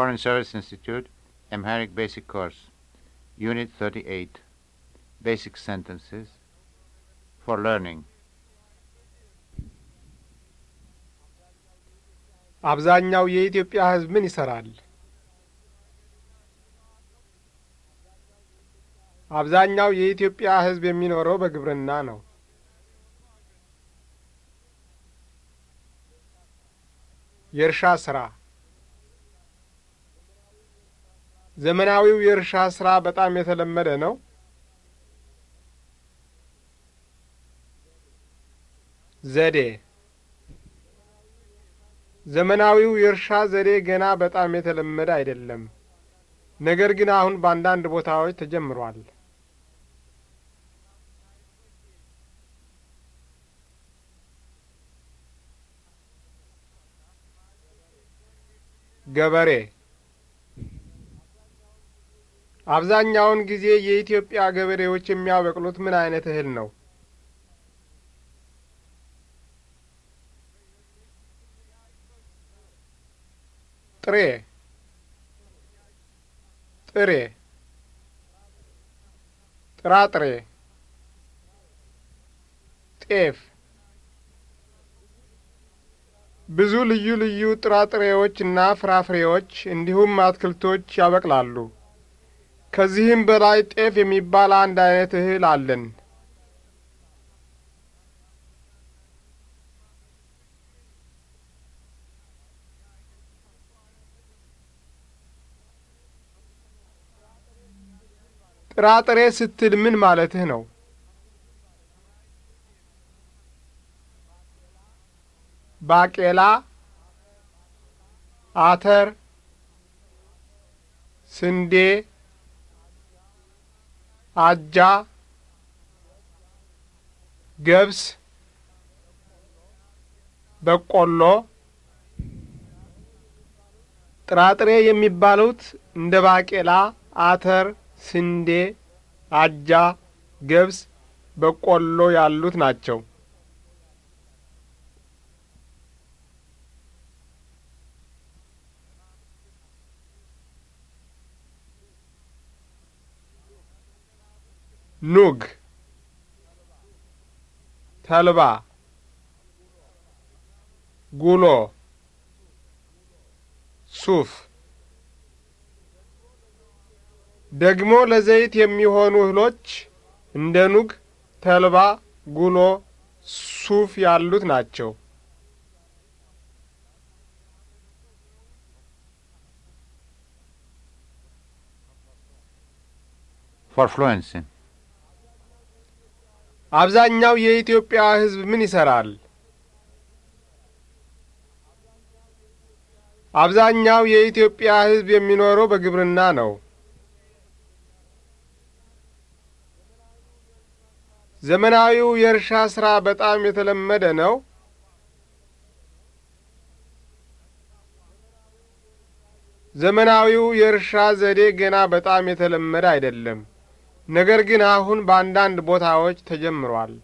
Foreign Service Institute, Amharic Basic Course, Unit 38, Basic Sentences for Learning. አብዛኛው የኢትዮጵያ ሕዝብ ምን ይሠራል? አብዛኛው የኢትዮጵያ ሕዝብ የሚኖረው በግብርና ነው። የእርሻ ሥራ ዘመናዊው የእርሻ ስራ በጣም የተለመደ ነው? ዘዴ ዘመናዊው የእርሻ ዘዴ ገና በጣም የተለመደ አይደለም፣ ነገር ግን አሁን በአንዳንድ ቦታዎች ተጀምሯል። ገበሬ አብዛኛውን ጊዜ የኢትዮጵያ ገበሬዎች የሚያበቅሉት ምን አይነት እህል ነው? ጥሬ ጥሬ ጥራጥሬ ጤፍ ብዙ ልዩ ልዩ ጥራጥሬዎች እና ፍራፍሬዎች እንዲሁም አትክልቶች ያበቅላሉ። ከዚህም በላይ ጤፍ የሚባል አንድ አይነት እህል አለን። ጥራጥሬ ስትል ምን ማለትህ ነው? ባቄላ፣ አተር፣ ስንዴ አጃ፣ ገብስ፣ በቆሎ፣ ጥራጥሬ የሚባሉት እንደ ባቄላ፣ አተር፣ ስንዴ፣ አጃ፣ ገብስ፣ በቆሎ ያሉት ናቸው። ኑግ ተልባ ጉሎ ሱፍ ደግሞ ለዘይት የሚሆኑ እህሎች እንደ ኑግ፣ ተልባ፣ ጉሎ፣ ሱፍ ያሉት ናቸው። for fluency. አብዛኛው የኢትዮጵያ ሕዝብ ምን ይሰራል? አብዛኛው የኢትዮጵያ ሕዝብ የሚኖረው በግብርና ነው። ዘመናዊው የእርሻ ሥራ በጣም የተለመደ ነው። ዘመናዊው የእርሻ ዘዴ ገና በጣም የተለመደ አይደለም። ነገር ግን አሁን በአንዳንድ ቦታዎች ተጀምሯል።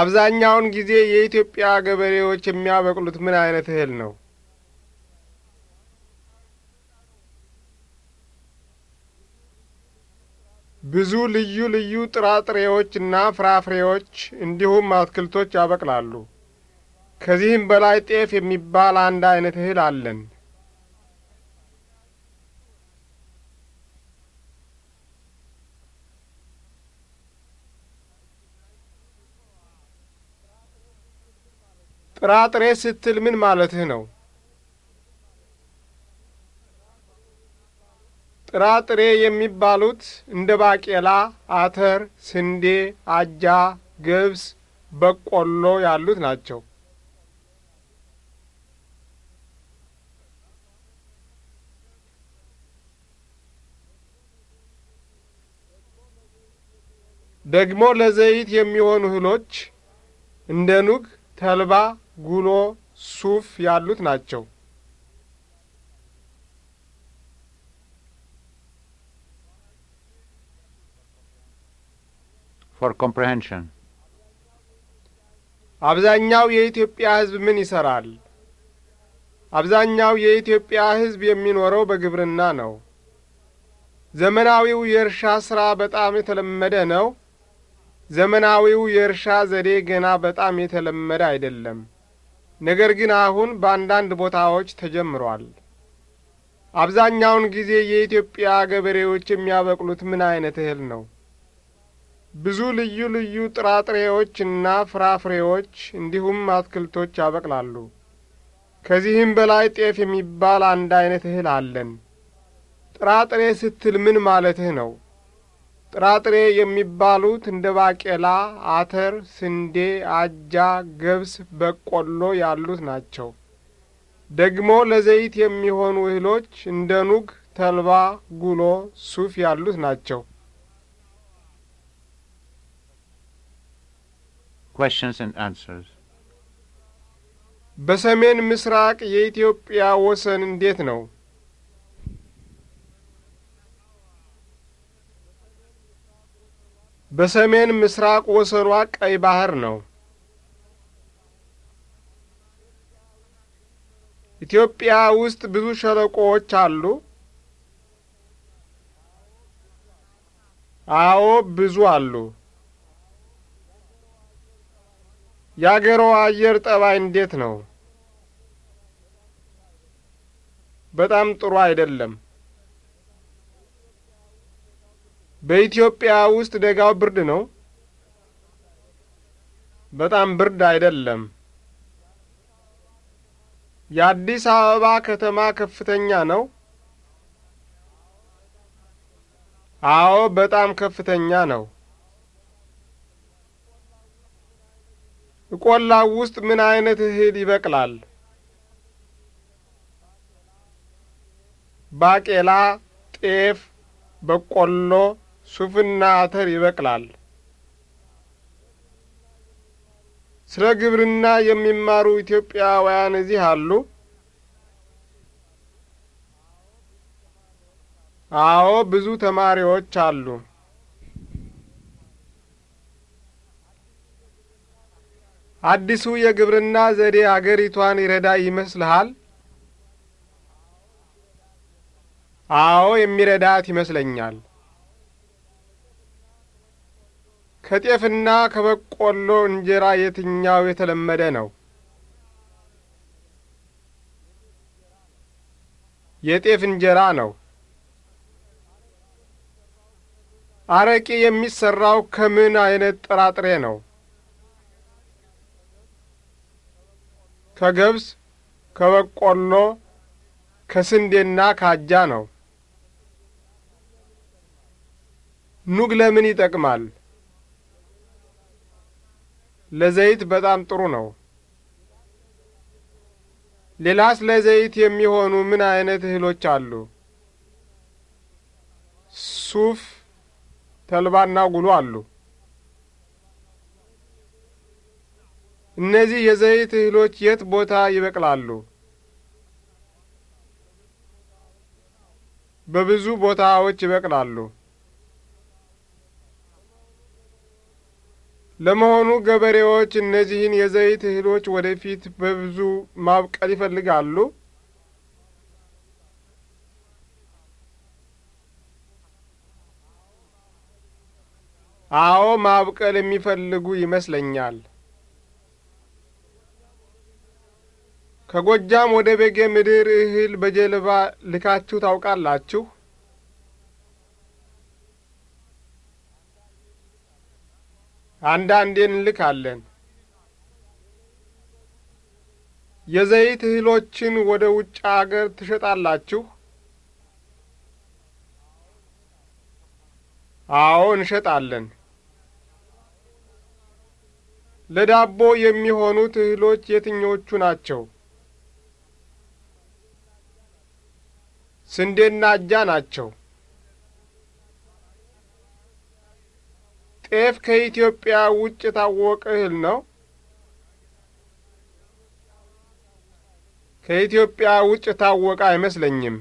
አብዛኛውን ጊዜ የኢትዮጵያ ገበሬዎች የሚያበቅሉት ምን አይነት እህል ነው? ብዙ ልዩ ልዩ ጥራጥሬዎችና ፍራፍሬዎች እንዲሁም አትክልቶች ያበቅላሉ። ከዚህም በላይ ጤፍ የሚባል አንድ አይነት እህል አለን። ጥራጥሬ ስትል ምን ማለትህ ነው? ጥራጥሬ የሚባሉት እንደ ባቄላ፣ አተር፣ ስንዴ፣ አጃ፣ ገብስ፣ በቆሎ ያሉት ናቸው። ደግሞ ለዘይት የሚሆኑ እህሎች እንደ ኑግ፣ ተልባ፣ ጉሎ፣ ሱፍ ያሉት ናቸው። for comprehension. አብዛኛው የኢትዮጵያ ሕዝብ ምን ይሰራል? አብዛኛው የኢትዮጵያ ሕዝብ የሚኖረው በግብርና ነው። ዘመናዊው የእርሻ ሥራ በጣም የተለመደ ነው። ዘመናዊው የእርሻ ዘዴ ገና በጣም የተለመደ አይደለም፣ ነገር ግን አሁን በአንዳንድ ቦታዎች ተጀምሯል። አብዛኛውን ጊዜ የኢትዮጵያ ገበሬዎች የሚያበቅሉት ምን አይነት እህል ነው? ብዙ ልዩ ልዩ ጥራጥሬዎችና ፍራፍሬዎች እንዲሁም አትክልቶች ያበቅላሉ። ከዚህም በላይ ጤፍ የሚባል አንድ አይነት እህል አለን። ጥራጥሬ ስትል ምን ማለትህ ነው? ጥራጥሬ የሚባሉት እንደ ባቄላ፣ አተር፣ ስንዴ፣ አጃ፣ ገብስ፣ በቆሎ ያሉት ናቸው። ደግሞ ለዘይት የሚሆኑ እህሎች እንደ ኑግ፣ ተልባ፣ ጉሎ፣ ሱፍ ያሉት ናቸው። questions and answers. በሰሜን ምስራቅ የኢትዮጵያ ወሰን እንዴት ነው? በሰሜን ምስራቅ ወሰኗ ቀይ ባህር ነው። ኢትዮጵያ ውስጥ ብዙ ሸለቆዎች አሉ? አዎ፣ ብዙ አሉ። የአገሮ አየር ጠባይ እንዴት ነው? በጣም ጥሩ አይደለም። በኢትዮጵያ ውስጥ ደጋው ብርድ ነው? በጣም ብርድ አይደለም። የአዲስ አበባ ከተማ ከፍተኛ ነው? አዎ፣ በጣም ከፍተኛ ነው። ቆላው ውስጥ ምን አይነት እህል ይበቅላል? ባቄላ፣ ጤፍ፣ በቆሎ፣ ሱፍና አተር ይበቅላል። ስለ ግብርና የሚማሩ ኢትዮጵያውያን እዚህ አሉ? አዎ፣ ብዙ ተማሪዎች አሉ። አዲሱ የግብርና ዘዴ አገሪቷን ይረዳ ይመስልሃል? አዎ የሚረዳት ይመስለኛል። ከጤፍና ከበቆሎ እንጀራ የትኛው የተለመደ ነው? የጤፍ እንጀራ ነው። አረቄ የሚሰራው ከምን አይነት ጥራጥሬ ነው? ከገብስ፣ ከበቆሎ፣ ከስንዴና ካጃ ነው። ኑግ ለምን ይጠቅማል? ለዘይት በጣም ጥሩ ነው። ሌላስ ለዘይት የሚሆኑ ምን አይነት እህሎች አሉ? ሱፍ፣ ተልባና ጉሉ አሉ። እነዚህ የዘይት እህሎች የት ቦታ ይበቅላሉ? በብዙ ቦታዎች ይበቅላሉ። ለመሆኑ ገበሬዎች እነዚህን የዘይት እህሎች ወደፊት በብዙ ማብቀል ይፈልጋሉ? አዎ፣ ማብቀል የሚፈልጉ ይመስለኛል። ከጎጃም ወደ ቤጌ ምድር እህል በጀልባ ልካችሁ ታውቃላችሁ? አንዳንዴ እንልካለን። የዘይት እህሎችን ወደ ውጭ አገር ትሸጣላችሁ? አዎ እንሸጣለን። ለዳቦ የሚሆኑት እህሎች የትኞቹ ናቸው? ስንዴና አጃ ናቸው። ጤፍ ከኢትዮጵያ ውጭ የታወቀ እህል ነው። ከኢትዮጵያ ውጭ የታወቀ አይመስለኝም።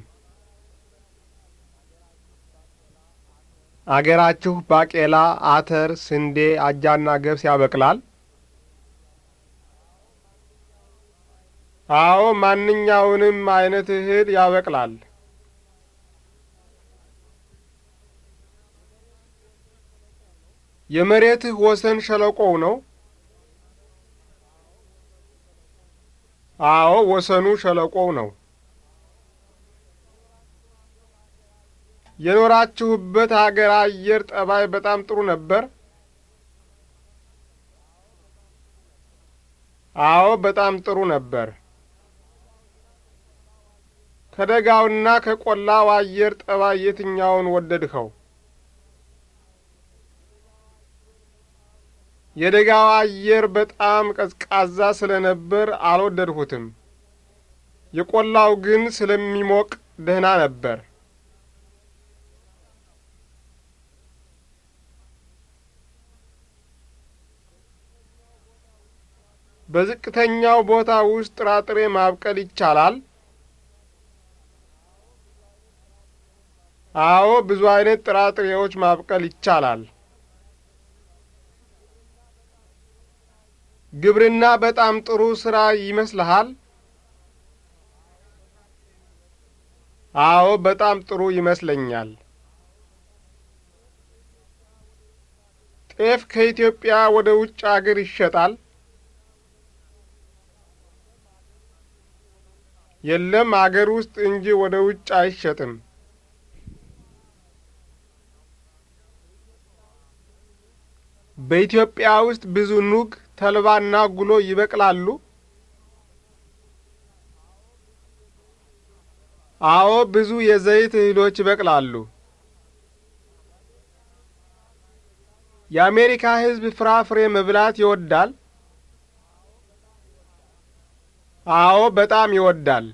አገራችሁ ባቄላ፣ አተር፣ ስንዴ፣ አጃና ገብስ ያበቅላል? አዎ፣ ማንኛውንም አይነት እህል ያበቅላል። የመሬትህ ወሰን ሸለቆው ነው? አዎ፣ ወሰኑ ሸለቆው ነው። የኖራችሁበት አገር አየር ጠባይ በጣም ጥሩ ነበር? አዎ፣ በጣም ጥሩ ነበር። ከደጋውና ከቆላው አየር ጠባይ የትኛውን ወደድኸው? የደጋው አየር በጣም ቀዝቃዛ ስለነበር አልወደድሁትም። የቆላው ግን ስለሚሞቅ ደህና ነበር። በዝቅተኛው ቦታ ውስጥ ጥራጥሬ ማብቀል ይቻላል? አዎ፣ ብዙ አይነት ጥራጥሬዎች ማብቀል ይቻላል። ግብርና በጣም ጥሩ ስራ ይመስልሃል? አዎ፣ በጣም ጥሩ ይመስለኛል። ጤፍ ከኢትዮጵያ ወደ ውጭ አገር ይሸጣል? የለም፣ አገር ውስጥ እንጂ ወደ ውጭ አይሸጥም። በኢትዮጵያ ውስጥ ብዙ ኑግ ተልባና ጉሎ ይበቅላሉ? አዎ፣ ብዙ የዘይት እህሎች ይበቅላሉ። የአሜሪካ ሕዝብ ፍራፍሬ መብላት ይወዳል? አዎ፣ በጣም ይወዳል።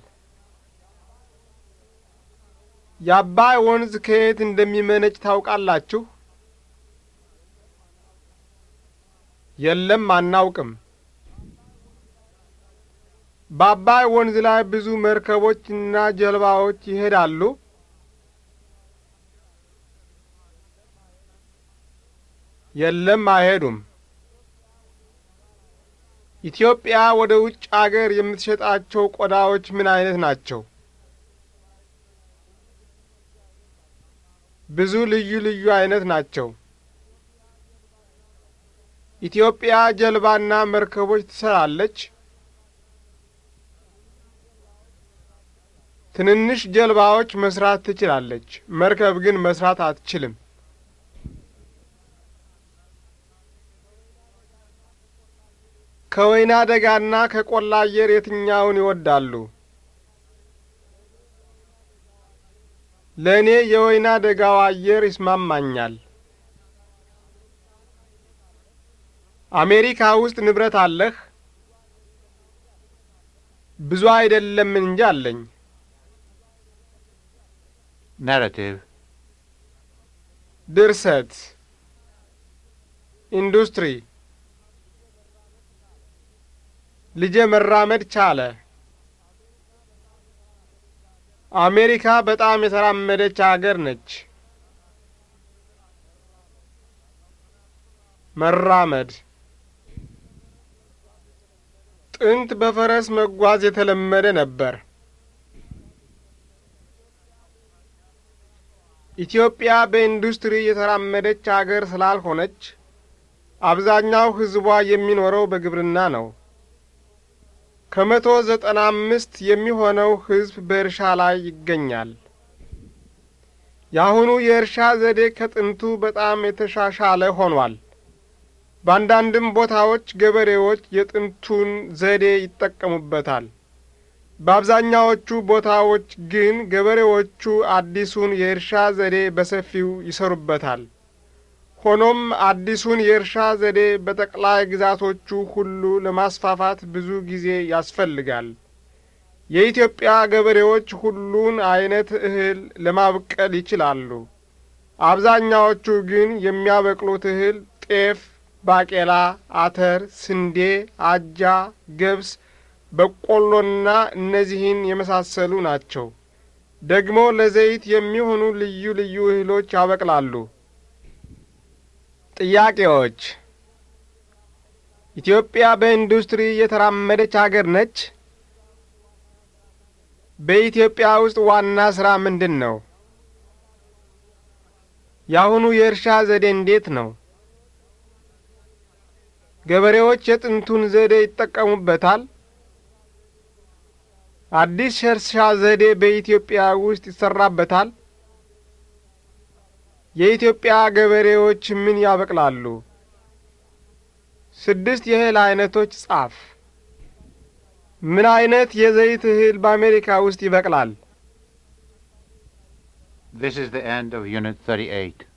የአባይ ወንዝ ከየት እንደሚመነጭ ታውቃላችሁ? የለም አናውቅም። በአባይ ወንዝ ላይ ብዙ መርከቦች ጀልባዎች ይሄዳሉ። የለም አይሄዱም። ኢትዮጵያ ወደ ውጭ አገር የምትሸጣቸው ቆዳዎች ምን አይነት ናቸው? ብዙ ልዩ ልዩ አይነት ናቸው። ኢትዮጵያ ጀልባና መርከቦች ትሰራለች? ትንንሽ ጀልባዎች መስራት ትችላለች። መርከብ ግን መስራት አትችልም። ከወይና ደጋና ከቆላ አየር የትኛውን ይወዳሉ? ለእኔ የወይና ደጋው አየር ይስማማኛል። አሜሪካ ውስጥ ንብረት አለህ? ብዙ አይደለም እንጂ አለኝ። ናራቲቭ ድርሰት፣ ኢንዱስትሪ። ልጄ መራመድ ቻለ። አሜሪካ በጣም የተራመደች አገር ነች። መራመድ ጥንት በፈረስ መጓዝ የተለመደ ነበር። ኢትዮጵያ በኢንዱስትሪ የተራመደች አገር ስላልሆነች አብዛኛው ሕዝቧ የሚኖረው በግብርና ነው። ከመቶ ዘጠና አምስት የሚሆነው ሕዝብ በእርሻ ላይ ይገኛል። የአሁኑ የእርሻ ዘዴ ከጥንቱ በጣም የተሻሻለ ሆኗል። በአንዳንድም ቦታዎች ገበሬዎች የጥንቱን ዘዴ ይጠቀሙበታል። በአብዛኛዎቹ ቦታዎች ግን ገበሬዎቹ አዲሱን የእርሻ ዘዴ በሰፊው ይሰሩበታል። ሆኖም አዲሱን የእርሻ ዘዴ በጠቅላይ ግዛቶቹ ሁሉ ለማስፋፋት ብዙ ጊዜ ያስፈልጋል። የኢትዮጵያ ገበሬዎች ሁሉን አይነት እህል ለማብቀል ይችላሉ። አብዛኛዎቹ ግን የሚያበቅሉት እህል ጤፍ፣ ባቄላ፣ አተር፣ ስንዴ፣ አጃ፣ ገብስ፣ በቆሎና እነዚህን የመሳሰሉ ናቸው። ደግሞ ለዘይት የሚሆኑ ልዩ ልዩ እህሎች ያበቅላሉ። ጥያቄዎች ኢትዮጵያ በኢንዱስትሪ የተራመደች አገር ነች? በኢትዮጵያ ውስጥ ዋና ሥራ ምንድን ነው? የአሁኑ የእርሻ ዘዴ እንዴት ነው? ገበሬዎች የጥንቱን ዘዴ ይጠቀሙበታል? አዲስ የእርሻ ዘዴ በኢትዮጵያ ውስጥ ይሰራበታል? የኢትዮጵያ ገበሬዎች ምን ያበቅላሉ? ስድስት የእህል አይነቶች ጻፍ። ምን አይነት የዘይት እህል በአሜሪካ ውስጥ ይበቅላል? This is the end of Unit 38.